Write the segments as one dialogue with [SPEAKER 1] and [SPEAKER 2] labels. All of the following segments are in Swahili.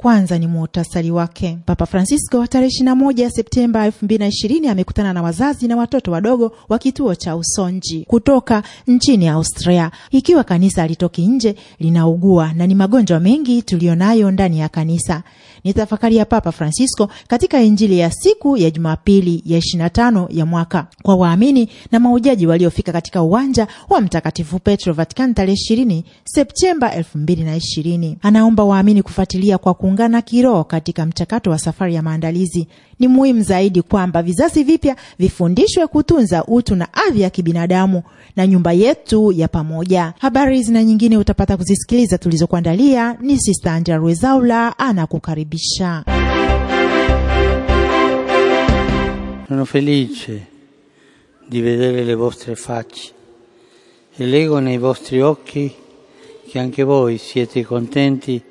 [SPEAKER 1] Kwanza ni muhtasari wake. Papa Francisco tarehe 21 Septemba 2020 amekutana na wazazi na watoto wadogo wa kituo cha Usonji kutoka nchini Austria, ikiwa kanisa alitoki nje linaugua na ni magonjwa mengi tuliyonayo ndani ya kanisa. Ni tafakari ya Papa Francisco katika Injili ya siku ya Jumapili ya 25 ya mwaka kwa waamini na maujaji waliofika katika uwanja wa Mtakatifu Petro, Vatikani, tarehe 20 Septemba 2020. Anaomba waamini kufuatilia kwa kuungana kiroho katika mchakato wa safari ya maandalizi. Ni muhimu zaidi kwamba vizazi vipya vifundishwe kutunza utu na afya ya kibinadamu na nyumba yetu ya pamoja. Habari hizi na nyingine utapata kuzisikiliza tulizokuandalia. Ni Sista Angela Rwezaula anakukaribisha. Biscià.
[SPEAKER 2] Sono felice di vedere le vostre facce e leggo nei vostri occhi che anche voi siete contenti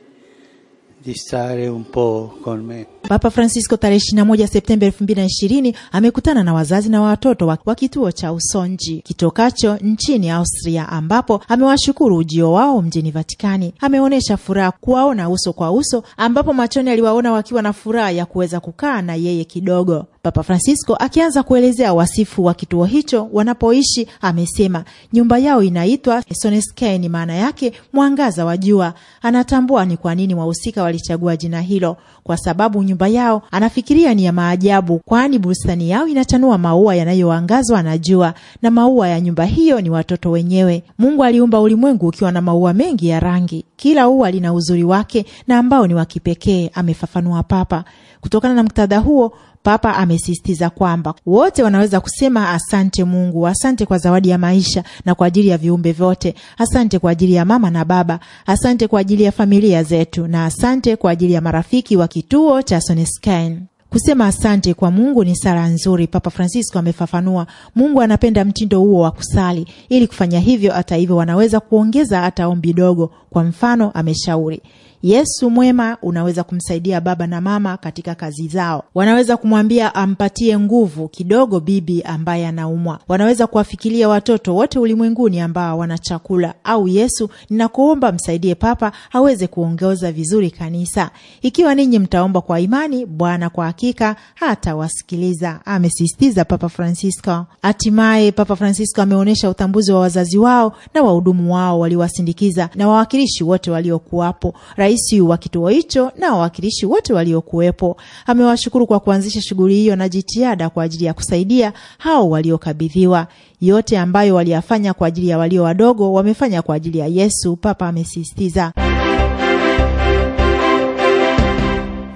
[SPEAKER 2] di stare un po' con me.
[SPEAKER 1] Papa Francisco tarehe 21 Septemba 2020 amekutana na wazazi na watoto wa kituo cha Usonji kitokacho nchini Austria, ambapo amewashukuru ujio wao mjini Vatikani. Ameonyesha furaha kuwaona uso kwa uso, ambapo machoni aliwaona wakiwa na furaha ya kuweza kukaa na yeye kidogo. Papa Francisco akianza kuelezea wasifu wa kituo hicho wanapoishi, amesema nyumba yao inaitwa Sonesken, maana yake mwangaza wa jua. Anatambua ni kwa nini wahusika walichagua jina hilo, kwa sababu nyumba yao anafikiria ni ya maajabu, kwani bustani yao inatanua maua yanayoangazwa na jua, na maua ya nyumba hiyo ni watoto wenyewe. Mungu aliumba ulimwengu ukiwa na maua mengi ya rangi, kila ua lina uzuri wake na ambao ni wa kipekee, amefafanua Papa. Kutokana na muktadha huo Papa amesisitiza kwamba wote wanaweza kusema asante Mungu, asante kwa zawadi ya maisha na kwa ajili ya viumbe vyote, asante kwa ajili ya mama na baba, asante kwa ajili ya familia zetu, na asante kwa ajili ya marafiki wa kituo cha Soneskin. Kusema asante kwa Mungu ni sala nzuri, Papa Francisco amefafanua. Mungu anapenda mtindo huo wa kusali. Ili kufanya hivyo, hata hivyo, wanaweza kuongeza hata ombi dogo. Kwa mfano, ameshauri Yesu mwema unaweza kumsaidia baba na mama katika kazi zao. Wanaweza kumwambia ampatie nguvu kidogo bibi ambaye anaumwa. Wanaweza kuwafikiria watoto wote ulimwenguni ambao wana chakula, au Yesu, ninakuomba msaidie papa aweze kuongoza vizuri kanisa. Ikiwa ninyi mtaomba kwa imani, Bwana kwa hakika hatawasikiliza, amesisitiza Papa Francisco. Hatimaye Papa Francisco ameonyesha utambuzi wa wazazi wao na wahudumu wao waliowasindikiza na wawakilishi wote waliokuwapo. Rais wa kituo hicho na wawakilishi wote waliokuwepo. Amewashukuru kwa kuanzisha shughuli hiyo na jitihada kwa ajili ya kusaidia hao waliokabidhiwa. Yote ambayo waliyafanya kwa ajili ya walio wadogo, wamefanya kwa ajili ya Yesu, Papa amesisitiza.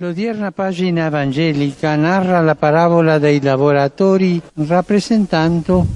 [SPEAKER 1] L'odierna pagina
[SPEAKER 2] evangelica narra la parabola dei lavoratori rappresentando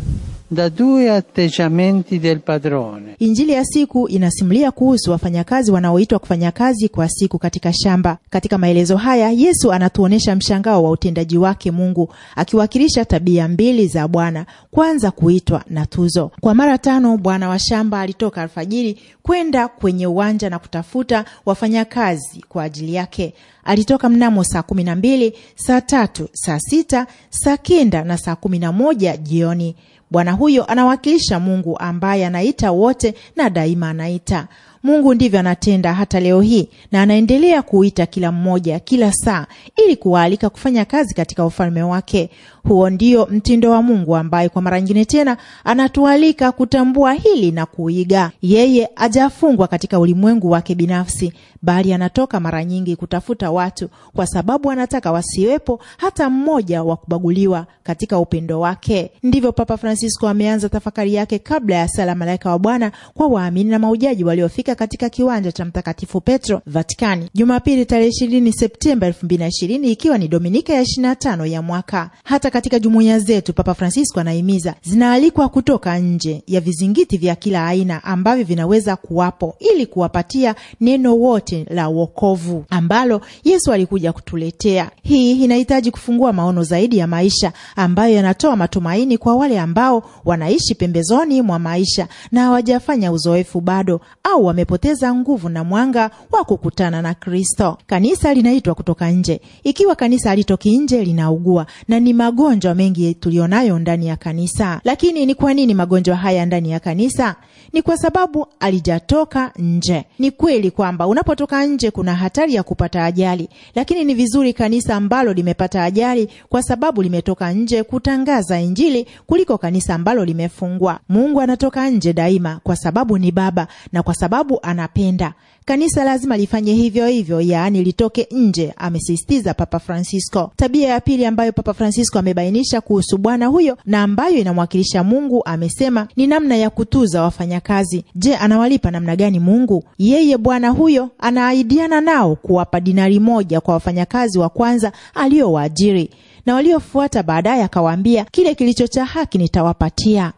[SPEAKER 2] da due atteggiamenti del padrone.
[SPEAKER 1] Injili ya siku inasimulia kuhusu wafanyakazi wanaoitwa kufanya kazi kwa siku katika shamba. Katika maelezo haya, Yesu anatuonyesha mshangao wa utendaji wake Mungu, akiwakilisha tabia mbili za Bwana, kwanza kuitwa na tuzo. Kwa mara tano, bwana wa shamba alitoka alfajiri kwenda kwenye uwanja na kutafuta wafanyakazi kwa ajili yake. Alitoka mnamo saa kumi na mbili, saa tatu, saa sita, saa kenda na saa kumi na moja jioni. Bwana huyo anawakilisha Mungu ambaye anaita wote na daima anaita. Mungu ndivyo anatenda hata leo hii, na anaendelea kuita kila mmoja kila saa, ili kuwaalika kufanya kazi katika ufalme wake. Huo ndio mtindo wa Mungu ambaye kwa mara nyingine tena anatualika kutambua hili na kuiga. Yeye ajafungwa katika ulimwengu wake binafsi, bali anatoka mara nyingi kutafuta watu, kwa sababu anataka wasiwepo hata mmoja wa kubaguliwa katika upendo wake. Ndivyo Papa Francisco ameanza tafakari yake kabla ya sala Malaika wa Bwana kwa waamini na maujaji waliofika katika kiwanja cha Mtakatifu Petro, Vatikani, Jumapili tarehe 20 Septemba 2020 ikiwa ni Dominika ya 25 ya mwaka. Hata katika jumuiya zetu, Papa Francisco anahimiza zinaalikwa kutoka nje ya vizingiti vya kila aina ambavyo vinaweza kuwapo ili kuwapatia neno wote chache la wokovu ambalo Yesu alikuja kutuletea. Hii inahitaji kufungua maono zaidi ya maisha ambayo yanatoa matumaini kwa wale ambao wanaishi pembezoni mwa maisha na hawajafanya uzoefu bado au wamepoteza nguvu na mwanga wa kukutana na Kristo. Kanisa linaitwa kutoka nje. Ikiwa kanisa halitoki nje, linaugua na ni magonjwa mengi tuliyonayo ndani ya kanisa. Lakini ni kwa nini magonjwa haya ndani ya kanisa? Ni kwa sababu alijatoka nje. Ni kweli kwamba unapotoka kutoka nje kuna hatari ya kupata ajali, lakini ni vizuri kanisa ambalo limepata ajali kwa sababu limetoka nje kutangaza Injili kuliko kanisa ambalo limefungwa. Mungu anatoka nje daima, kwa sababu ni Baba na kwa sababu anapenda. Kanisa lazima lifanye hivyo hivyo, yaani litoke nje, amesisitiza Papa Francisco. Tabia ya pili ambayo Papa Francisco amebainisha kuhusu bwana huyo na ambayo inamwakilisha Mungu, amesema ni namna ya kutuza wafanyakazi. Je, anawalipa namna gani Mungu? Yeye bwana huyo anaahidiana nao kuwapa dinari moja kwa wafanyakazi wa kwanza aliyowaajiri na waliofuata baadaye akawaambia, kile kilicho cha haki nitawapatia.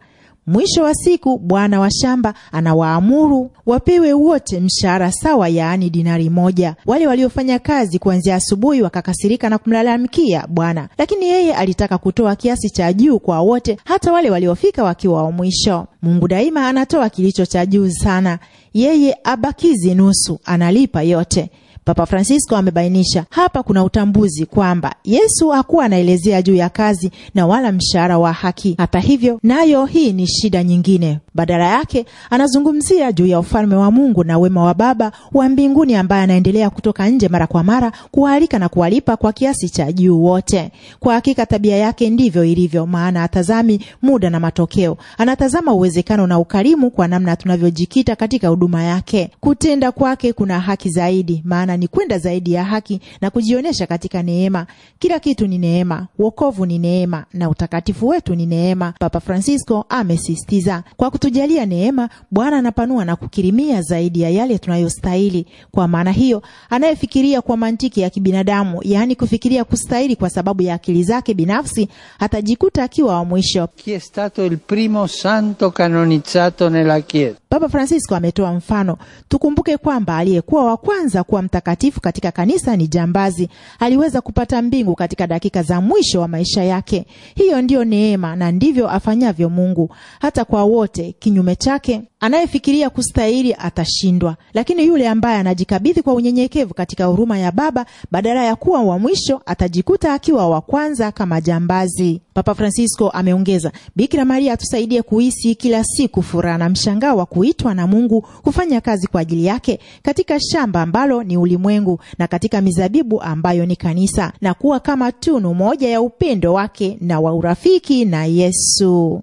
[SPEAKER 1] Mwisho wa siku bwana wa shamba anawaamuru wapewe wote mshahara sawa, yaani dinari moja. Wale waliofanya kazi kuanzia asubuhi wakakasirika na kumlalamikia bwana, lakini yeye alitaka kutoa kiasi cha juu kwa wote, hata wale waliofika wakiwa wa mwisho. Mungu daima anatoa kilicho cha juu sana, yeye abakizi nusu, analipa yote. Papa Francisco amebainisha hapa kuna utambuzi kwamba Yesu hakuwa anaelezea juu ya kazi na wala mshahara wa haki. Hata hivyo, nayo hii ni shida nyingine. Badala yake anazungumzia juu ya ufalme wa Mungu na wema wa Baba wa mbinguni ambaye anaendelea kutoka nje mara kwa mara kuwaalika na kuwalipa kwa kiasi cha juu wote. Kwa hakika tabia yake ndivyo ilivyo, maana atazami muda na matokeo, anatazama uwezekano na ukarimu kwa namna tunavyojikita katika huduma yake. Kutenda kwake kuna haki zaidi, maana ni kwenda zaidi ya haki na kujionyesha katika neema. Kila kitu ni neema, wokovu ni neema na utakatifu wetu ni neema, Papa Francisco amesisitiza. Kwa kutujalia neema, Bwana anapanua na kukirimia zaidi ya yale tunayostahili. Kwa maana hiyo, anayefikiria kwa mantiki ya kibinadamu, yaani kufikiria kustahili kwa sababu ya akili zake binafsi, atajikuta akiwa wa mwisho.
[SPEAKER 2] Chi è stato il primo santo canonizzato nella chiesa?
[SPEAKER 1] Papa Francisco ametoa mfano, tukumbuke kwamba aliyekuwa wa kwanza kuwa mtakatifu mtakatifu katika kanisa ni jambazi. Aliweza kupata mbingu katika dakika za mwisho wa maisha yake. Hiyo ndiyo neema na ndivyo afanyavyo Mungu hata kwa wote. Kinyume chake, anayefikiria kustahili atashindwa, lakini yule ambaye anajikabidhi kwa unyenyekevu katika huruma ya Baba, badala ya kuwa wa mwisho, atajikuta akiwa wa kwanza kama jambazi. Papa Francisco ameongeza, Bikira Maria atusaidie kuhisi kila siku furaha na mshangao wa kuitwa na Mungu kufanya kazi kwa ajili yake katika shamba ambalo ni ulimwengu na katika mizabibu ambayo ni kanisa na kuwa kama tunu moja ya upendo wake na wa urafiki na Yesu.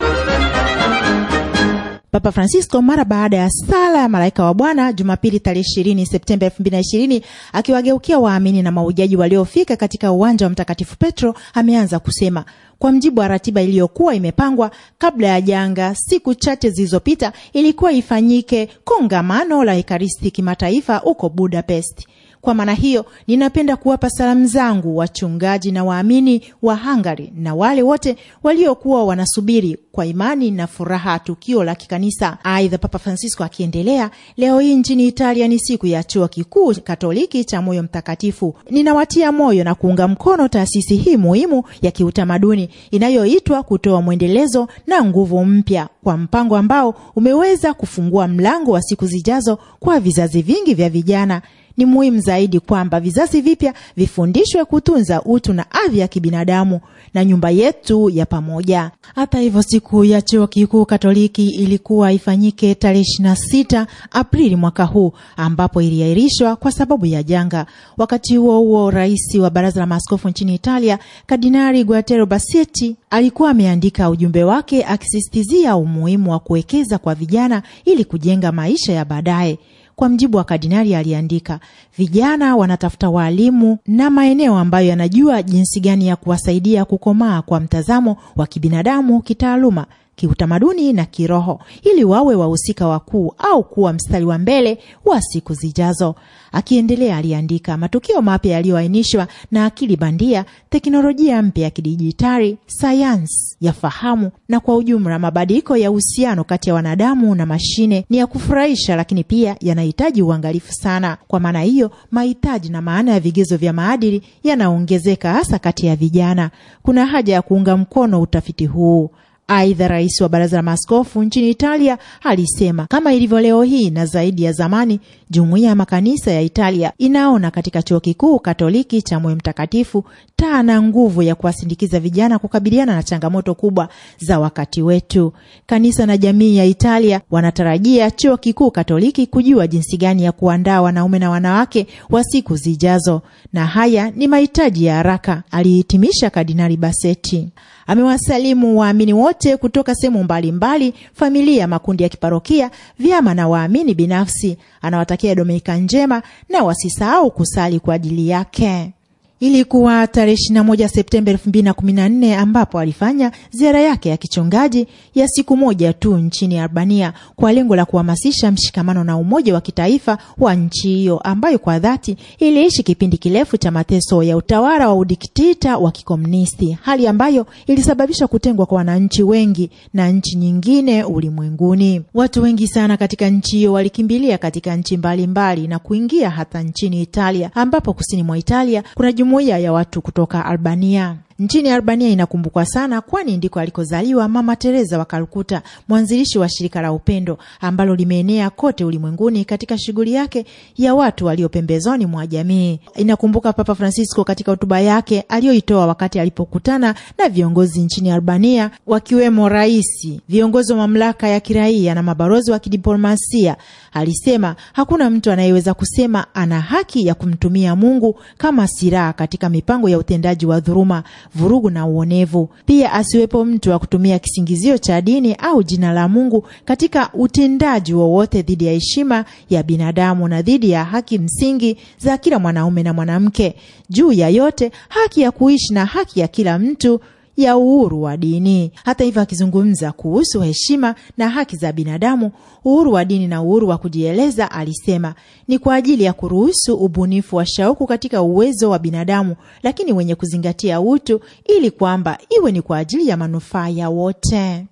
[SPEAKER 1] Papa Francisco mara baada ya sala ya malaika wa Bwana Jumapili tarehe 20 Septemba 2020 akiwageukia waamini na mahujaji waliofika katika uwanja wa Mtakatifu Petro ameanza kusema kwa mjibu wa ratiba iliyokuwa imepangwa kabla ya janga, siku chache zilizopita ilikuwa ifanyike kongamano la Ekaristi kimataifa huko Budapest. Kwa maana hiyo, ninapenda kuwapa salamu zangu wachungaji na waamini wa Hungary na wale wote waliokuwa wanasubiri kwa imani na furaha tukio la kikanisa. Aidha, Papa Francisco akiendelea, leo hii nchini Italia ni siku ya chuo kikuu Katoliki cha Moyo Mtakatifu. Ninawatia moyo na kuunga mkono taasisi hii muhimu ya kiutamaduni inayoitwa kutoa mwendelezo na nguvu mpya kwa mpango ambao umeweza kufungua mlango wa siku zijazo kwa vizazi vingi vya vijana ni muhimu zaidi kwamba vizazi vipya vifundishwe kutunza utu na afya ya kibinadamu na nyumba yetu ya pamoja. Hata hivyo, siku ya chuo kikuu Katoliki ilikuwa ifanyike tarehe 26 Aprili mwaka huu, ambapo iliahirishwa kwa sababu ya janga. Wakati huo huo, rais wa baraza la maaskofu nchini Italia Kardinali Guatero baseti alikuwa ameandika ujumbe wake akisisitizia umuhimu wa kuwekeza kwa vijana ili kujenga maisha ya baadaye. Kwa mjibu wa kardinali, aliandika, vijana wanatafuta waalimu na maeneo ambayo yanajua jinsi gani ya kuwasaidia kukomaa kwa mtazamo wa kibinadamu kitaaluma kiutamaduni na kiroho ili wawe wahusika wakuu au kuwa mstari wa mbele wa siku zijazo. Akiendelea aliandika, matukio mapya yaliyoainishwa na akili bandia, teknolojia mpya ya kidijitali, sayansi ya fahamu, na kwa ujumla mabadiliko ya uhusiano kati ya wanadamu na mashine ni ya kufurahisha, lakini pia yanahitaji uangalifu sana. Kwa maana hiyo, mahitaji na maana ya vigezo vya maadili yanaongezeka, hasa kati ya vijana. Kuna haja ya kuunga mkono utafiti huu. Aidha, rais wa baraza la maaskofu nchini Italia alisema kama ilivyo leo hii na zaidi ya zamani, jumuiya ya makanisa ya Italia inaona katika chuo kikuu katoliki cha Moyo Mtakatifu taa na nguvu ya kuwasindikiza vijana kukabiliana na changamoto kubwa za wakati wetu. Kanisa na jamii ya Italia wanatarajia chuo kikuu katoliki kujua jinsi gani ya kuandaa wanaume na wanawake wa siku zijazo, na haya ni mahitaji ya haraka, alihitimisha Kardinali Basetti. Amewasalimu waamini wote kutoka sehemu mbalimbali, familia, makundi ya kiparokia, vyama na waamini binafsi. Anawatakia Dominika njema na wasisahau kusali kwa ajili yake. Ilikuwa tarehe 21 Septemba 2014 ambapo alifanya ziara yake ya kichungaji ya siku moja tu nchini Albania kwa lengo la kuhamasisha mshikamano na umoja wa kitaifa wa nchi hiyo ambayo kwa dhati iliishi kipindi kirefu cha mateso ya utawala wa udikteta wa kikomunisti, hali ambayo ilisababisha kutengwa kwa wananchi wengi na nchi nyingine ulimwenguni. Watu wengi sana katika nchi hiyo walikimbilia katika nchi mbalimbali mbali na kuingia hata nchini Italia, ambapo kusini mwa Italia kuna jumuiya ya watu kutoka Albania. Nchini Albania inakumbukwa sana, kwani ndiko alikozaliwa Mama Teresa wa Kalkuta, mwanzilishi wa shirika la upendo ambalo limeenea kote ulimwenguni katika shughuli yake ya watu walio pembezoni mwa jamii. Inakumbuka Papa Francisco katika hotuba yake aliyoitoa wakati alipokutana na viongozi nchini Albania, wakiwemo rais, viongozi wa mamlaka ya kiraia na mabalozi wa kidiplomasia, alisema hakuna mtu anayeweza kusema ana haki ya kumtumia Mungu kama silaha katika mipango ya utendaji wa dhuruma vurugu na uonevu. Pia asiwepo mtu wa kutumia kisingizio cha dini au jina la Mungu katika utendaji wowote dhidi ya heshima ya binadamu na dhidi ya haki msingi za kila mwanaume na mwanamke. Juu ya yote, haki ya kuishi na haki ya kila mtu ya uhuru wa dini. Hata hivyo, akizungumza kuhusu heshima na haki za binadamu, uhuru wa dini na uhuru wa kujieleza, alisema ni kwa ajili ya kuruhusu ubunifu wa shauku katika uwezo wa binadamu, lakini wenye kuzingatia utu, ili kwamba iwe ni kwa ajili ya manufaa ya wote.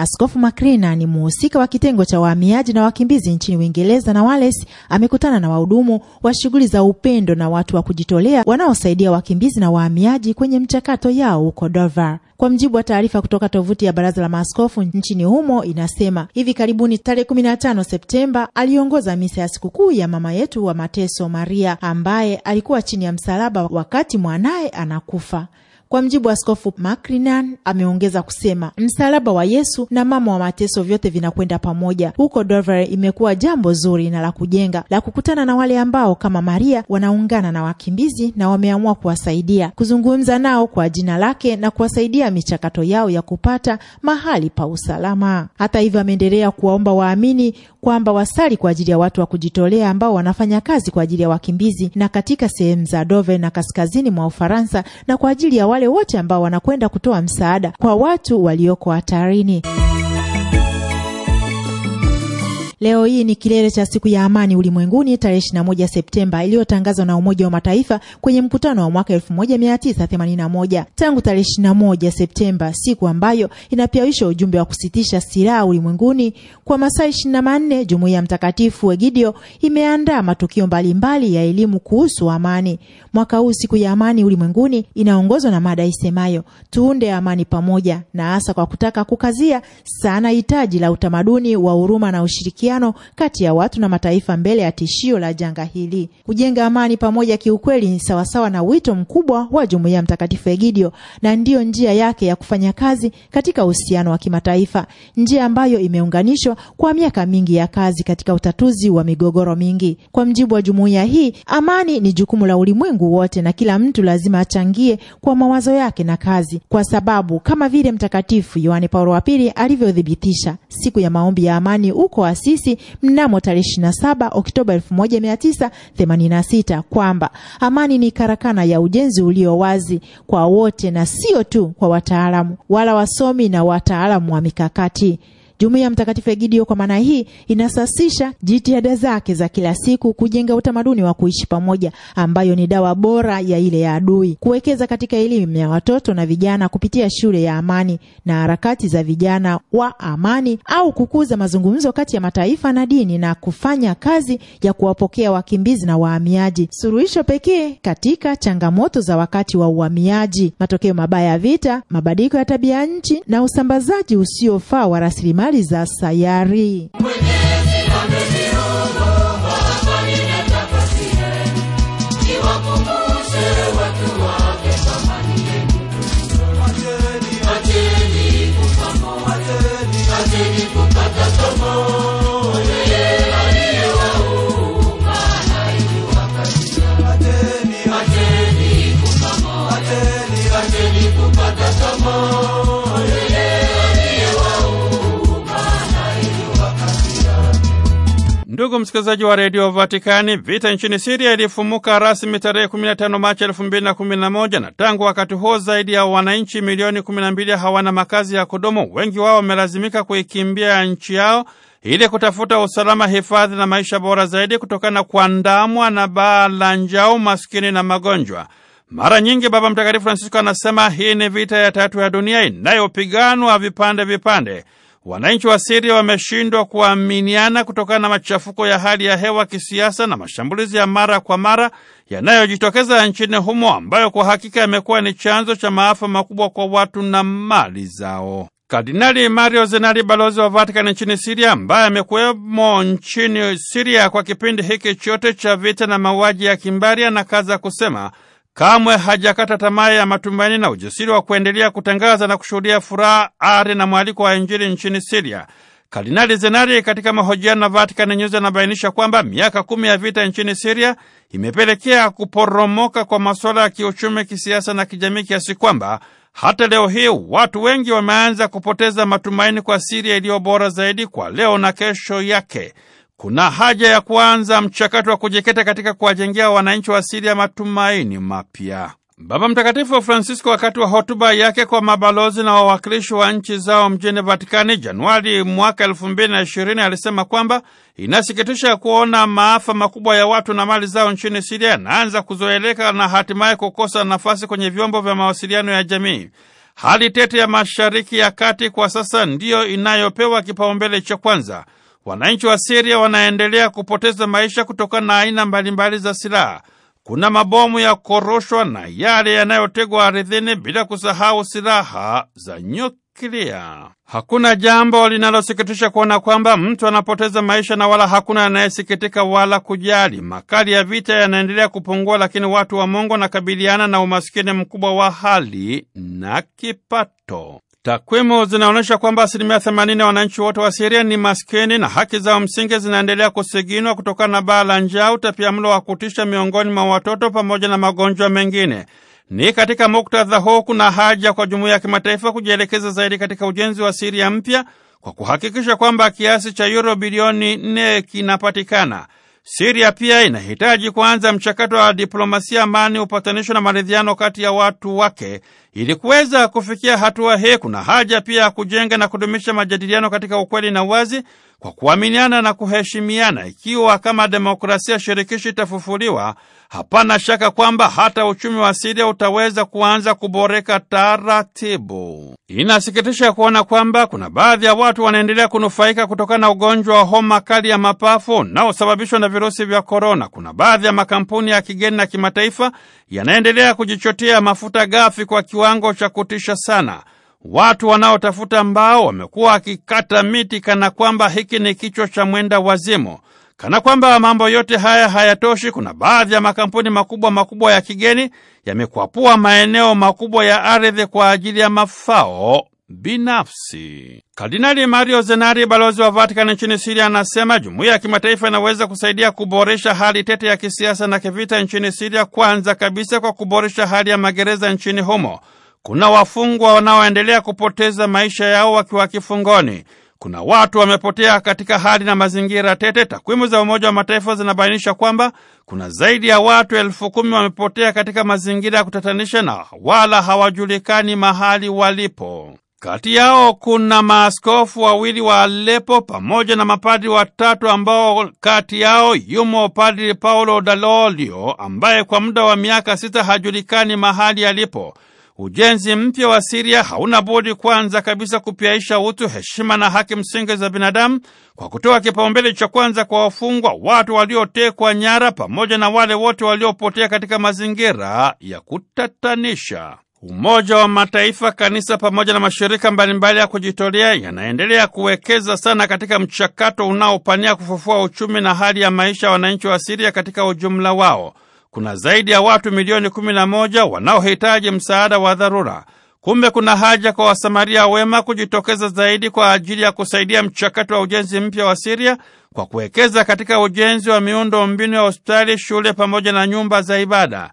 [SPEAKER 1] Askofu Makrina ni mhusika wa kitengo cha wahamiaji na wakimbizi nchini Uingereza na Wales amekutana na wahudumu wa shughuli za upendo na watu wa kujitolea wanaosaidia wakimbizi na wahamiaji kwenye mchakato yao huko Dover. Kwa mjibu wa taarifa kutoka tovuti ya baraza la maaskofu nchini humo inasema hivi karibuni tarehe 15 Septemba aliongoza misa ya sikukuu ya mama yetu wa mateso Maria ambaye alikuwa chini ya msalaba wakati mwanaye anakufa. Kwa mjibu wa Askofu Macrinan, ameongeza kusema msalaba wa Yesu na mama wa mateso vyote vinakwenda pamoja. Huko Dover imekuwa jambo zuri na la kujenga la kukutana na wale ambao kama Maria wanaungana na wakimbizi na wameamua kuwasaidia, kuzungumza nao kwa jina lake na kuwasaidia michakato yao ya kupata mahali pa usalama. Hata hivyo, ameendelea kuwaomba waamini kwamba wasali kwa ajili ya watu wa kujitolea ambao wanafanya kazi kwa ajili ya wakimbizi na katika sehemu za Dover na kaskazini mwa Ufaransa na kwa ajili ya wale wale wote ambao wanakwenda kutoa msaada kwa watu walioko hatarini. Leo hii ni kilele cha siku ya amani ulimwenguni tarehe 21 Septemba iliyotangazwa na Umoja wa Mataifa kwenye mkutano wa mwaka 1981. Tangu tarehe 21 Septemba, siku ambayo inapiawisha ujumbe wa kusitisha silaha ulimwenguni, kwa masaa 24 jumuiya ya Mtakatifu Egidio imeandaa matukio mbalimbali ya elimu kuhusu amani. Mwaka huu siku ya amani ulimwenguni inaongozwa na mada isemayo tuunde amani pamoja, na hasa kwa kutaka kukazia sana hitaji la utamaduni wa huruma na ushirikiano ushirikiano kati ya watu na mataifa mbele ya tishio la janga hili. Kujenga amani pamoja kiukweli ni sawasawa na wito mkubwa wa jumuiya ya Mtakatifu Egidio, na ndiyo njia yake ya kufanya kazi katika uhusiano wa kimataifa, njia ambayo imeunganishwa kwa miaka mingi ya kazi katika utatuzi wa migogoro mingi. Kwa mjibu wa jumuiya hii, amani ni jukumu la ulimwengu wote na kila mtu lazima achangie kwa mawazo yake na kazi, kwa sababu kama vile Mtakatifu Yohane Paulo wa Pili alivyothibitisha siku ya maombi ya amani huko Asisi polisi mnamo tarehe 27 Oktoba 1986 kwamba amani ni karakana ya ujenzi ulio wazi kwa wote na sio tu kwa wataalamu wala wasomi na wataalamu wa mikakati. Jumuiya ya Mtakatifu Egidio kwa maana hii inasasisha jitihada zake za kila siku kujenga utamaduni wa kuishi pamoja, ambayo ni dawa bora ya ile ya adui, kuwekeza katika elimu ya watoto na vijana kupitia shule ya amani na harakati za vijana wa amani, au kukuza mazungumzo kati ya mataifa na dini, na kufanya kazi ya kuwapokea wakimbizi na wahamiaji, suluhisho pekee katika changamoto za wakati wa uhamiaji, matokeo mabaya ya vita, mabadiliko ya tabia nchi na usambazaji usiofaa wa rasilimali habari za sayari.
[SPEAKER 2] Ndugu msikilizaji wa redio Vatikani, vita nchini Siria ilifumuka rasmi tarehe 15 Machi 2011 na tangu wakati huo zaidi ya wananchi milioni 12 hawana makazi ya kudumu. Wengi wao wamelazimika kuikimbia nchi yao ili kutafuta usalama, hifadhi na maisha bora zaidi, kutokana na kuandamwa na baa la njaa, umaskini na magonjwa. Mara nyingi Baba Mtakatifu Francisco anasema hii ni vita ya tatu ya dunia inayopiganwa vipande vipande. Wananchi wa Siria wameshindwa kuaminiana kutokana na machafuko ya hali ya hewa kisiasa na mashambulizi ya mara kwa mara yanayojitokeza nchini humo ambayo kwa hakika yamekuwa ni chanzo cha maafa makubwa kwa watu na mali zao. Kardinali Mario Zenari, balozi wa Vatikani nchini Siria, ambaye amekuwemo nchini Siria kwa kipindi hiki chote cha vita na mauaji ya kimbari, anakaza kusema Kamwe hajakata tamaa ya matumaini na ujasiri wa kuendelea kutangaza na kushuhudia furaha, ari na mwaliko wa Injili nchini Siria. Kardinali Zenari katika mahojiano na Vatican News anabainisha kwamba miaka kumi ya vita nchini Siria imepelekea kuporomoka kwa masuala ya kiuchumi, kisiasa na kijamii kiasi kwamba hata leo hii watu wengi wameanza kupoteza matumaini kwa Siria iliyo bora zaidi kwa leo na kesho yake kuna haja ya kuanza mchakato wa kujikita katika kuwajengea wananchi wa Siria matumaini mapya. Baba Mtakatifu Francisco, wakati wa hotuba yake kwa mabalozi na wawakilishi wa nchi zao mjini Vatikani Januari mwaka elfu mbili na ishirini, alisema kwamba inasikitisha kuona maafa makubwa ya watu na mali zao nchini Siria yanaanza kuzoeleka na hatimaye kukosa nafasi kwenye vyombo vya mawasiliano ya jamii. Hali tete ya Mashariki ya Kati kwa sasa ndiyo inayopewa kipaumbele cha kwanza. Wananchi wa Siria wanaendelea kupoteza maisha kutokana na aina mbalimbali za silaha. Kuna mabomu ya koroshwa na yale yanayotegwa ardhini, bila kusahau silaha za nyuklia. Hakuna jambo linalosikitisha kuona kwamba mtu anapoteza maisha na wala hakuna anayesikitika wala kujali. Makali ya vita yanaendelea kupungua, lakini watu wa Mungu wanakabiliana na umasikini mkubwa wa hali na kipato. Takwimu zinaonyesha kwamba asilimia 80 ya wananchi wote wa Siria ni maskini na haki za msingi zinaendelea kusiginwa kutokana na baa la njaa, utapiamlo wa kutisha miongoni mwa watoto pamoja na magonjwa mengine. Ni katika muktadha huu kuna haja kwa jumuiya ya kimataifa kujielekeza zaidi katika ujenzi wa Siria mpya kwa kuhakikisha kwamba kiasi cha euro bilioni nne kinapatikana. Siria pia inahitaji kuanza mchakato wa diplomasia, amani, upatanisho na maridhiano kati ya watu wake ili kuweza kufikia hatua hii, kuna haja pia ya kujenga na kudumisha majadiliano katika ukweli na uwazi, kwa kuaminiana na kuheshimiana. Ikiwa kama demokrasia shirikishi itafufuliwa, hapana shaka kwamba hata uchumi wa Siria utaweza kuanza kuboreka taratibu. Inasikitisha kuona kwamba kuna baadhi ya watu wanaendelea kunufaika kutokana na ugonjwa wa homa kali ya mapafu unaosababishwa na virusi vya korona. Kuna baadhi ya makampuni ya kigeni na kimataifa yanaendelea kujichotea mafuta ghafi kwa kiwa kiwango cha kutisha sana. Watu wanaotafuta mbao wamekuwa wakikata miti kana kwamba hiki ni kichwa cha mwenda wazimu. Kana kwamba mambo yote haya hayatoshi, kuna baadhi ya makampuni makubwa makubwa ya kigeni yamekwapua maeneo makubwa ya ardhi kwa ajili ya mafao binafsi. Kardinali Mario Zenari, balozi wa Vatican nchini Siria, anasema jumuiya ya kimataifa inaweza kusaidia kuboresha hali tete ya kisiasa na kivita nchini Siria, kwanza kabisa kwa kuboresha hali ya magereza nchini humo. Kuna wafungwa wanaoendelea kupoteza maisha yao wakiwa kifungoni. Kuna watu wamepotea katika hali na mazingira tete. Takwimu za Umoja wa Mataifa zinabainisha kwamba kuna zaidi ya watu elfu kumi wamepotea katika mazingira ya kutatanisha na wala hawajulikani mahali walipo. Kati yao kuna maaskofu wawili wa Alepo pamoja na mapadri watatu ambao kati yao yumo Padri Paulo Dalolio ambaye kwa muda wa miaka sita hajulikani mahali alipo. Ujenzi mpya wa Siria hauna budi kwanza kabisa kupyaisha utu, heshima na haki msingi za binadamu kwa kutoa kipaumbele cha kwanza kwa wafungwa, watu waliotekwa nyara, pamoja na wale wote waliopotea katika mazingira ya kutatanisha. Umoja wa Mataifa, kanisa pamoja na mashirika mbalimbali ya kujitolea yanaendelea kuwekeza sana katika mchakato unaopania kufufua uchumi na hali ya maisha ya wananchi wa Siria katika ujumla wao. Kuna zaidi ya watu milioni 11 wanaohitaji msaada wa dharura. Kumbe kuna haja kwa Wasamaria wema kujitokeza zaidi kwa ajili ya kusaidia mchakato wa ujenzi mpya wa Siria kwa kuwekeza katika ujenzi wa miundo mbinu ya hospitali, shule pamoja na nyumba za ibada.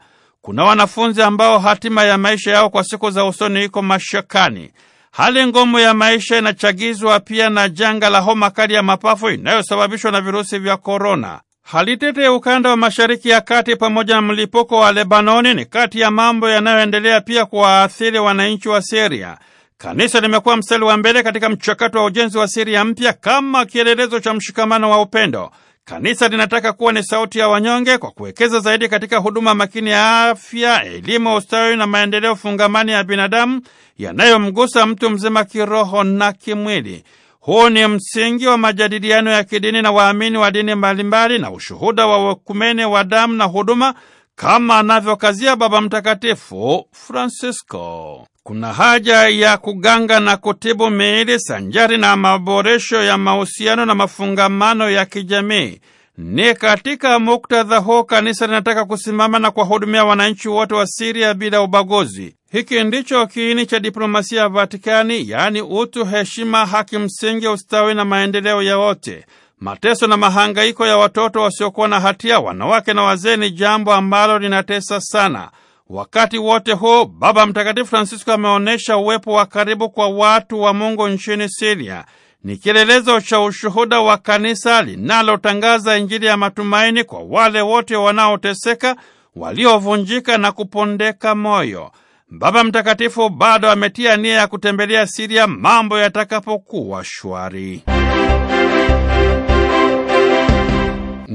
[SPEAKER 2] Kuna wanafunzi ambao hatima ya maisha yao kwa siku za usoni iko mashakani. Hali ngumu ya maisha inachagizwa pia na janga la homa kali ya mapafu inayosababishwa na virusi vya korona. Hali tete ukanda wa mashariki ya kati pamoja na mlipuko wa Lebanoni ni kati ya mambo yanayoendelea pia kuwaathiri wananchi wa Siria. Kanisa limekuwa mstari wa mbele katika mchakato wa ujenzi wa Siria mpya kama kielelezo cha mshikamano wa upendo Kanisa linataka kuwa ni sauti ya wanyonge kwa kuwekeza zaidi katika huduma makini ya afya, elimu, ustawi na maendeleo fungamani ya binadamu yanayomgusa mtu mzima kiroho na kimwili. Huu ni msingi wa majadiliano ya kidini na waamini wa dini mbalimbali na ushuhuda wa wakumene wa damu na huduma kama anavyokazia Baba Mtakatifu Francisco. Kuna haja ya kuganga na kutibu miili sanjari na maboresho ya mahusiano na mafungamano ya kijamii. Ni katika muktadha huu kanisa linataka kusimama na kuwahudumia wananchi wote wa Siria bila ubaguzi. Hiki ndicho kiini cha diplomasia ya Vatikani, yaani utu, heshima, haki msingi, ustawi na maendeleo ya wote. Mateso na mahangaiko ya watoto wasiokuwa na hatia, wanawake na wazee ni jambo ambalo linatesa sana. Wakati wote huu, Baba Mtakatifu Francisco ameonyesha uwepo wa karibu kwa watu wa Mungu nchini Siria. Ni kielelezo cha ushuhuda wa kanisa linalotangaza Injili ya matumaini kwa wale wote wanaoteseka, waliovunjika na kupondeka moyo. Baba Mtakatifu bado ametia nia ya kutembelea Siria mambo yatakapokuwa shwari.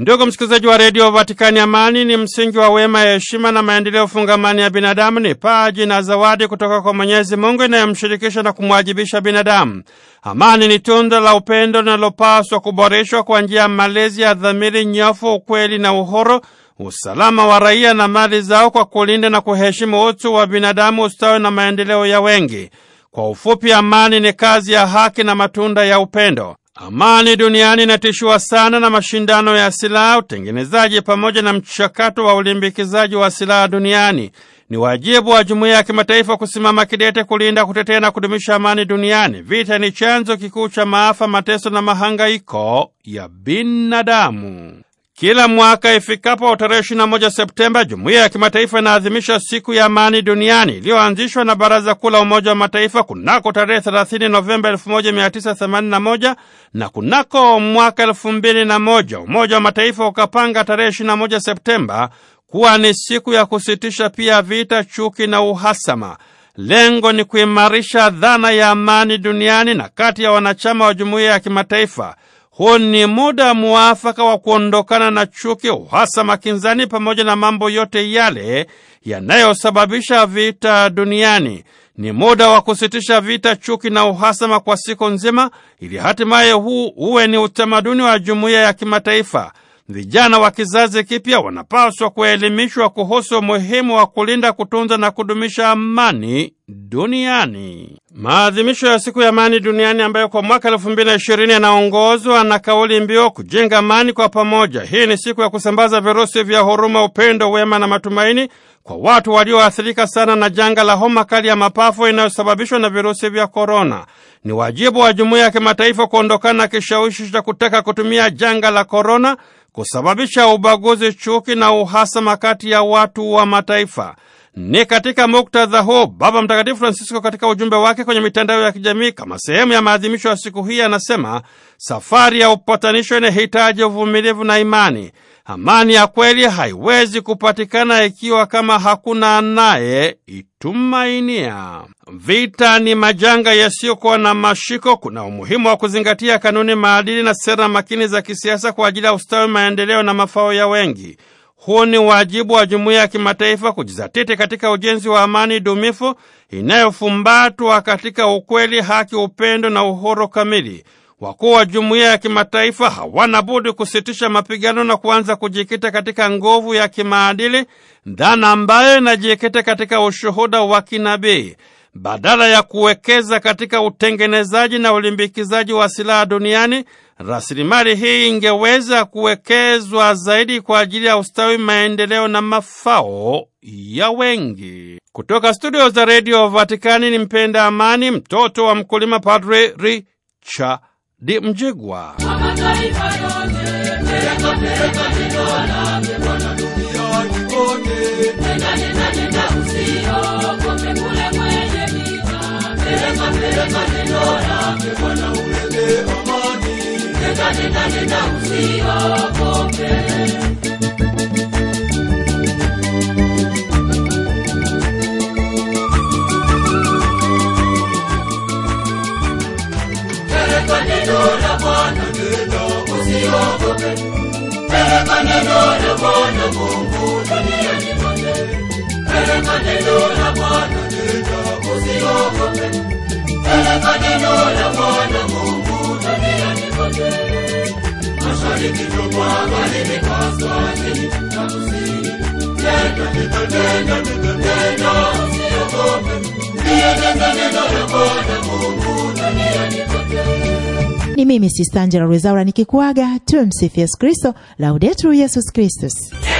[SPEAKER 2] Ndugu msikilizaji wa redio Vatikani, amani ni msingi wa wema, heshima na maendeleo fungamani ya binadamu. Ni paji na zawadi kutoka kwa Mwenyezi Mungu inayomshirikisha na kumwajibisha binadamu. Amani ni tunda la upendo linalopaswa kuboreshwa kwa njia ya malezi ya dhamiri nyofu, ukweli na uhuru, usalama wa raia na mali zao, kwa kulinda na kuheshimu utu wa binadamu, ustawi na maendeleo ya wengi. Kwa ufupi, amani ni kazi ya haki na matunda ya upendo. Amani duniani inatishiwa sana na mashindano ya silaha, utengenezaji pamoja na mchakato wa ulimbikizaji wa silaha duniani. Ni wajibu wa jumuiya ya kimataifa kusimama kidete kulinda, kutetea na kudumisha amani duniani. Vita ni chanzo kikuu cha maafa, mateso na mahangaiko ya binadamu. Kila mwaka ifikapo tarehe 21 Septemba, jumuiya ya kimataifa inaadhimisha siku ya amani duniani iliyoanzishwa na Baraza Kuu la Umoja wa Mataifa kunako tarehe 30 Novemba 1981 na kunako mwaka 2001 Umoja wa Mataifa ukapanga tarehe 21 Septemba kuwa ni siku ya kusitisha pia vita, chuki na uhasama. Lengo ni kuimarisha dhana ya amani duniani na kati ya wanachama wa jumuiya ya kimataifa huu ni muda muafaka wa kuondokana na chuki, uhasama, kinzani pamoja na mambo yote yale yanayosababisha vita duniani. Ni muda wa kusitisha vita, chuki na uhasama kwa siku nzima, ili hatimaye huu uwe ni utamaduni wa jumuiya ya kimataifa vijana wa kizazi kipya wanapaswa kuelimishwa kuhusu umuhimu wa kulinda, kutunza na kudumisha amani duniani. Maadhimisho ya siku ya amani duniani ambayo kwa mwaka elfu mbili na ishirini yanaongozwa na kauli mbiu kujenga amani kwa pamoja. Hii ni siku ya kusambaza virusi vya huruma, upendo, wema na matumaini kwa watu walioathirika sana na janga la homa kali ya mapafu inayosababishwa na virusi vya korona. Ni wajibu wa jumuiya ya kimataifa kuondokana na kishawishi cha kutaka kutumia janga la korona kusababisha ubaguzi, chuki na uhasama kati ya watu wa mataifa. Ni katika muktadha huo Baba Mtakatifu Francisco katika ujumbe wake kwenye mitandao ya kijamii kama sehemu ya maadhimisho ya siku hii anasema safari ya upatanisho inahitaji uvumilivu na imani. Amani ya kweli haiwezi kupatikana ikiwa kama hakuna naye itumainia. Vita ni majanga yasiyokuwa na mashiko. Kuna umuhimu wa kuzingatia kanuni, maadili na sera makini za kisiasa kwa ajili ya ustawi, maendeleo na mafao ya wengi. Huu ni wajibu wa jumuiya ya kimataifa kujizatiti katika ujenzi wa amani dumifu inayofumbatwa katika ukweli, haki, upendo na uhuru kamili. Wakuu wa jumuiya ya kimataifa hawana budi kusitisha mapigano na kuanza kujikita katika nguvu ya kimaadili, dhana ambayo inajikita katika ushuhuda wa kinabii badala ya kuwekeza katika utengenezaji na ulimbikizaji wa silaha duniani Rasilimali hii ingeweza kuwekezwa zaidi kwa ajili ya ustawi, maendeleo na mafao ya wengi. Kutoka studio za redio Vatikani ni mpenda amani, mtoto wa mkulima, Padre Richard Mjigwa.
[SPEAKER 3] Nenda, nenda, nenda usiogope. Peleka neno la Bwana, la Mungu duniani kote. Peleka neno la Bwana, la Mungu
[SPEAKER 1] ni mimi sista angela rwezaura nikikuaga tumsifu yesu kristo laudetur yesus kristus